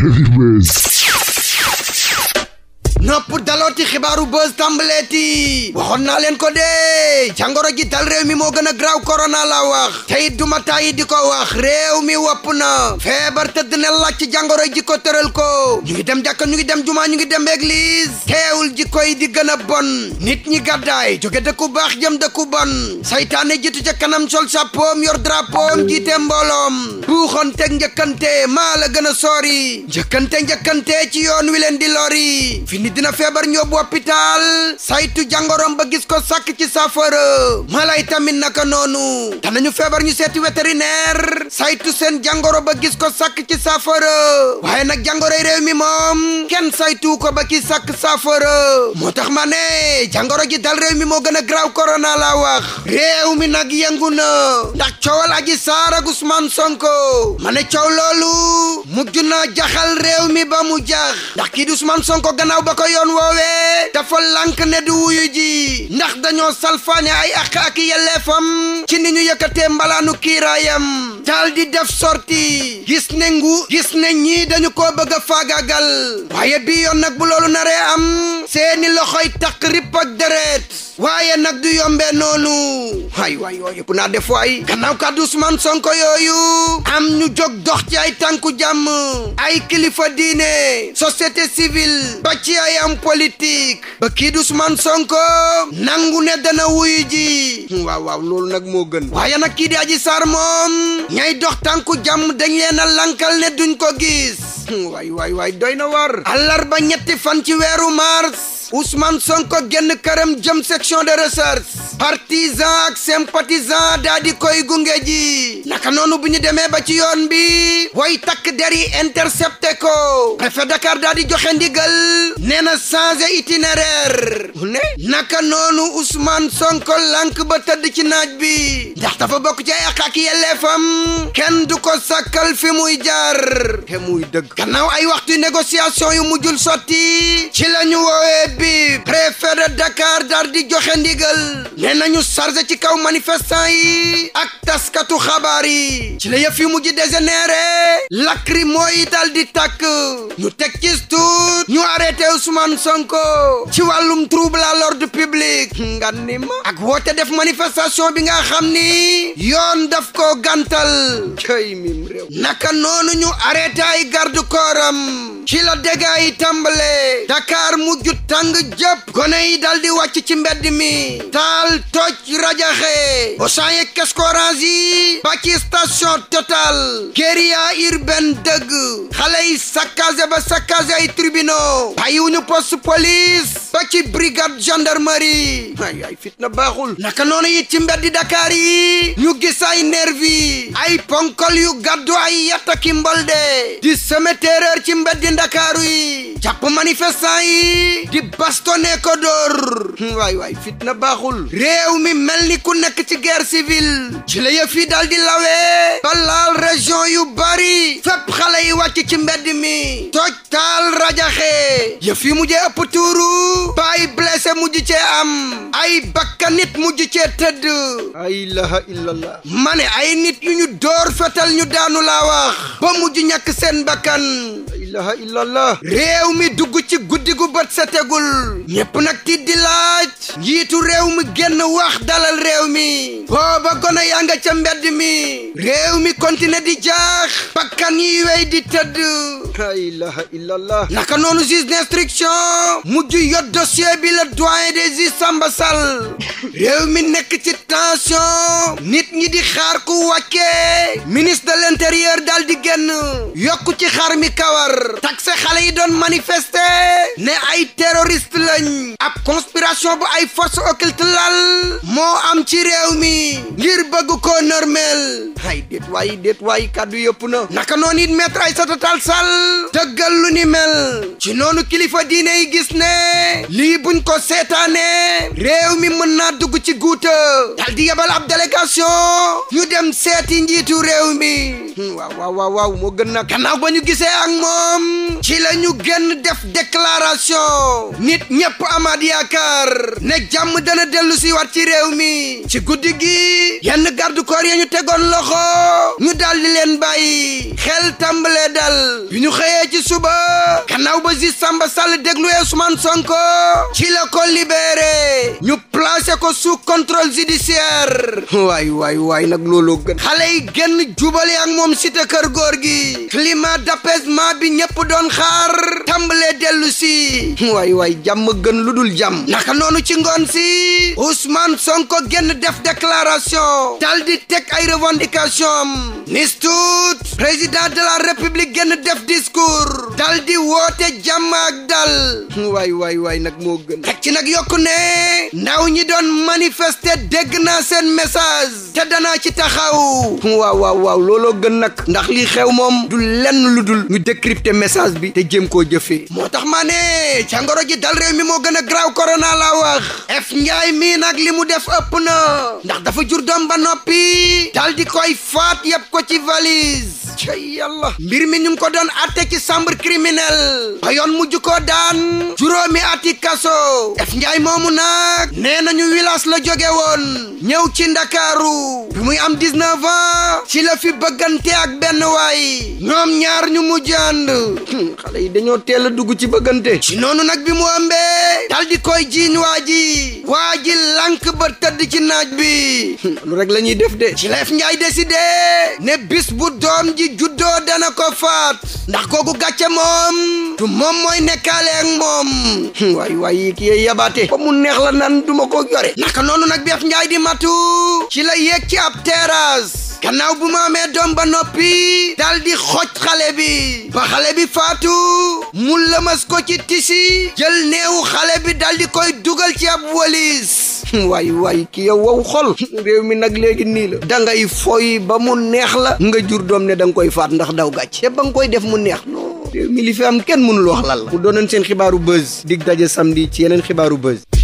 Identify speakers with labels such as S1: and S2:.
S1: Heavyweights. nopp daloo ci xibaaru buzz tàmbaleeti waxoon naa leen ko dee jàngoro ji dal réew mi moo gën a graw korona la wax tey duma tàyyi di ko wax réew mi wopp na feebar tëdd na laaj ci jàngoro ji ko tëral ko ñu ngi dem jàkka ñu ngi dem jumaa ñu ngi dem église teewul ji yi di gën a bon nit ñi gàddaay jóge dëkku baax jëm dëkku bon saytaane jiitu ca kanam sol sapoom yor drapoom jiite mbooloom buuxante njëkkante maa la gën a sori njëkkante njëkkante ci y dina feebar ñu yóbbu hôpital saytu jàngoroom ba gis ko sàkk ci saafara mala yi tamit naka noonu danañu feebar ñu seeti vétérinaire saytu seen jàngoro ba gis ko sakk ci saafara waaye nag jàngoroy réew mi moom kenn saytu ko ba ki sakk saafara moo tax mane ne jàngoro ji dal réew mi moo gën a graaw corona laa wax réew mi nag yëngu na ndax coowal aji saar ak Ousmane Sonko ma ne coow loolu mujj na jaxal réew mi ba mu ndax kii di Sonko gannaaw ba ko yoon woowee dafa lànk ne du wuyu ji ndax dañoo salfaane ay àq ak yelleefam ci ni ñu yëkkatee mbalaanu kiiraayam daal di def sorti gis ne ngu gis ne ñii dañu ko bëgg a faagaagal waaye bii yoon nag bu loolu naree am seeni loxoy taq rip ak waaye nag du yombee noonu ay waay yooyu naa def ay gannaaw kàddu Ousmane Sonko yooyu am ñu jog dox ci ay tànku jàmm ay kilifa diine société civile ba ci ay am politique ba kii di Ousmane Sonko nangu ne dana wuyu ji waaw waaw loolu nag moo gën waaye nag kii di aji sar moom ñay dox tànku jàmm dañ leen a ne duñ ko gis waay waay doy na war àllarba ñetti fan ci weeru mars Ousmane Sonko génn këram jëm section de recherche partisans ak sympathisants daal di koy gunge ji naka noonu bu ñu demee ba ci yoon bi way takk der yi intercepté ko préfet Dakar daal di joxe ndigal nee na changer itinéraire mu ne naka noonu Ousmane Sonko lank ba tëdd ci naaj bi ndax dafa bokk ci ay àq ak yelleefam kenn du ko sàkkal fi muy jaar te muy dëgg gannaaw ay waxtu négociation yu mujjul sotti ci la ñu bi préfet Dakar daal di joxe ndigal ne ñu chargé ci kaw manifestant yi ak taskatu xabaar yi ci la yëf yu mujj dégénéré lacrymo yi dal di tàkk ñu teg ci tuut ñu arrêté Ousmane Sonko ci wàllum trouble à l'ordre public nga ni ma ak woote def manifestation bi nga xam ni yoon daf ko gàntal cay mim réew naka noonu ñu arrêté garde corps ci la dégâts yi tàmbale Dakar mujj tàng jëpp gone yi dal di wàcc ci mbedd mi taal toj rajaxe Auchan yeeg Cascorage yi ba ci station Total guérilla urbaine dëgg xale yi saccagé ba saccagé ay tribunaux bàyyiwuñu poste police ba ci brigade gendarmerie fitna baaxul naka noonu it ci mbeddi Dakar yi ñu gis ay nervi ay ponkol yu gàddu ay yattaki mbolde di seme ci mbeddi Ndakaaru yi jàpp manifestant yi di bastonné ko dóor hmm, fitna baaxul réew mi mel ni ku nekk ci guerre civile jële yëf yi dal di lawee ba laal yu bari fépp xale yi wàcc ci mbedd mi toj taal rajaxe yëf yi mujjee ëpp tuuru bàyyi blessé am ay bakka nit mujj cee tëdd ay ilaha ay nit yu ñu door fetal ñu daanu laa wax ba mujj ñàkk seen bakkan ilaha illallah réew mi dugg ci guddi gu bët sa tegul ñépp nag tiit di laaj njiitu réew mi génn wax dalal réew mi booba gone yaa nga ca mbedd mi réew mi continué di jaax bakkan yi wey di tëdd la ilaha illallah naka noonu juge d'instruction mujj yot dossier bi la doyen des di Samba Sall réew mi nekk ci tension nit ñi di xaar ku wàccee ministre de l'intérieur daal di génn yokk ci xar mi kawar taxe xale yi doon manifester ne ay terroriste lañ ab conspiration bu ay force occulte lal moo am ci réew mi ngir bëgg ko normel ay déet waay déet waay kàddu yëpp na naka noonu it maître Aïssata Tall Sall tëggal lu ni mel ci noonu kilifa diine yi gis ne lii buñ ko seetaanee réew mi mën naa dugg ci guuta dal ba yebal ab délégation ñu dem seeti njiitu réew mi hmm, waaw waaw waaw moo gën na gannaaw ba ñu gisee ak moom ci la ñu genn def déclaration nit ñëpp amaat nekk ne jàmm dana dellu si waat ci réew mi ci guddi gi yenn garde corps ya ñu tegoon loxo ñu daal leen bàyyi xel tàmbalee dal bi ñu xëyee ci suba gannaaw ba juge Samba Sall déglu Ousmane Sonko ci la ko libéré ñu placé ko sous contrôle judiciaire waay waay nag looloo gën xale yi génn jubale ak moom si kër góor gi climat d'apaisement bi ñëpp doon xaar tàmbalee dellu si waay waay jàmm gën lu dul jàmm naka noonu ci ngoon si Ousmane Sonko génn def déclaration dal di teg ay revendication am nistuut président de la république gën def discours dal di woote jàmm ak dal waay waay waay nag moo gën teg ci nag yokku ne ndaw ñi doon manifeste dégg naa seen message te danaa ci taxaw waaw waaw waaw looloo gën nag ndax li xew moom du lenn lu dul ñu décrypter message bi te jëm koo jëfee moo tax maa ne jàngoro ji dal réew mi moo gën a graaw corona la wax F Njaay mii nag li mu def ëpp na ndax dafa jur doom ba noppi dal koy faat yab ko ci valise yàlla mbir mi ñu ko doon atte ci chambre criminelle ba yoon mujj ko daan juróomi ati kaso def njaay moomu nag nee nañu wilaas la jóge woon ñëw ci ndakaaru bi muy am 19 ans ci la fi bëggante ak benn waay ñoom ñaar ñu mujj ànd xale dañoo teel a dugg ci bëggante ci noonu nag bi mu ëmbee dal di koy jiiñ waa ji waa ji lànk ba tëdd ci naaj bi lu rek la def de ci leef njaay décidé ne bis bu doom ji juddoo dana ko faat ndax kooku gàcce moom du moom mooy nekkaale ak moom hmm, waay waay yi ki yabaate ba mu neex la nan du ko yore naka noonu nag beef njaay di matu ci la yéeg ci ab terrasse gannaaw bu ma amee doom ba noppi dal di xoj xale bi ba xale bi faatu mu lëmas ko ci tisi jël neewu xale bi dal di koy dugal ci ab walis waay waay ki yow wow xol réew mi nag léegi nii la dangay foy ba mu neex la nga jur doom ne da koy faat ndax daw gàcc te ba nga koy def mu neex non réew mi li fi am kenn mënul wax la la mu doonoon seen xibaaru buzz dig daje samedi ci yeneen xibaaru buzz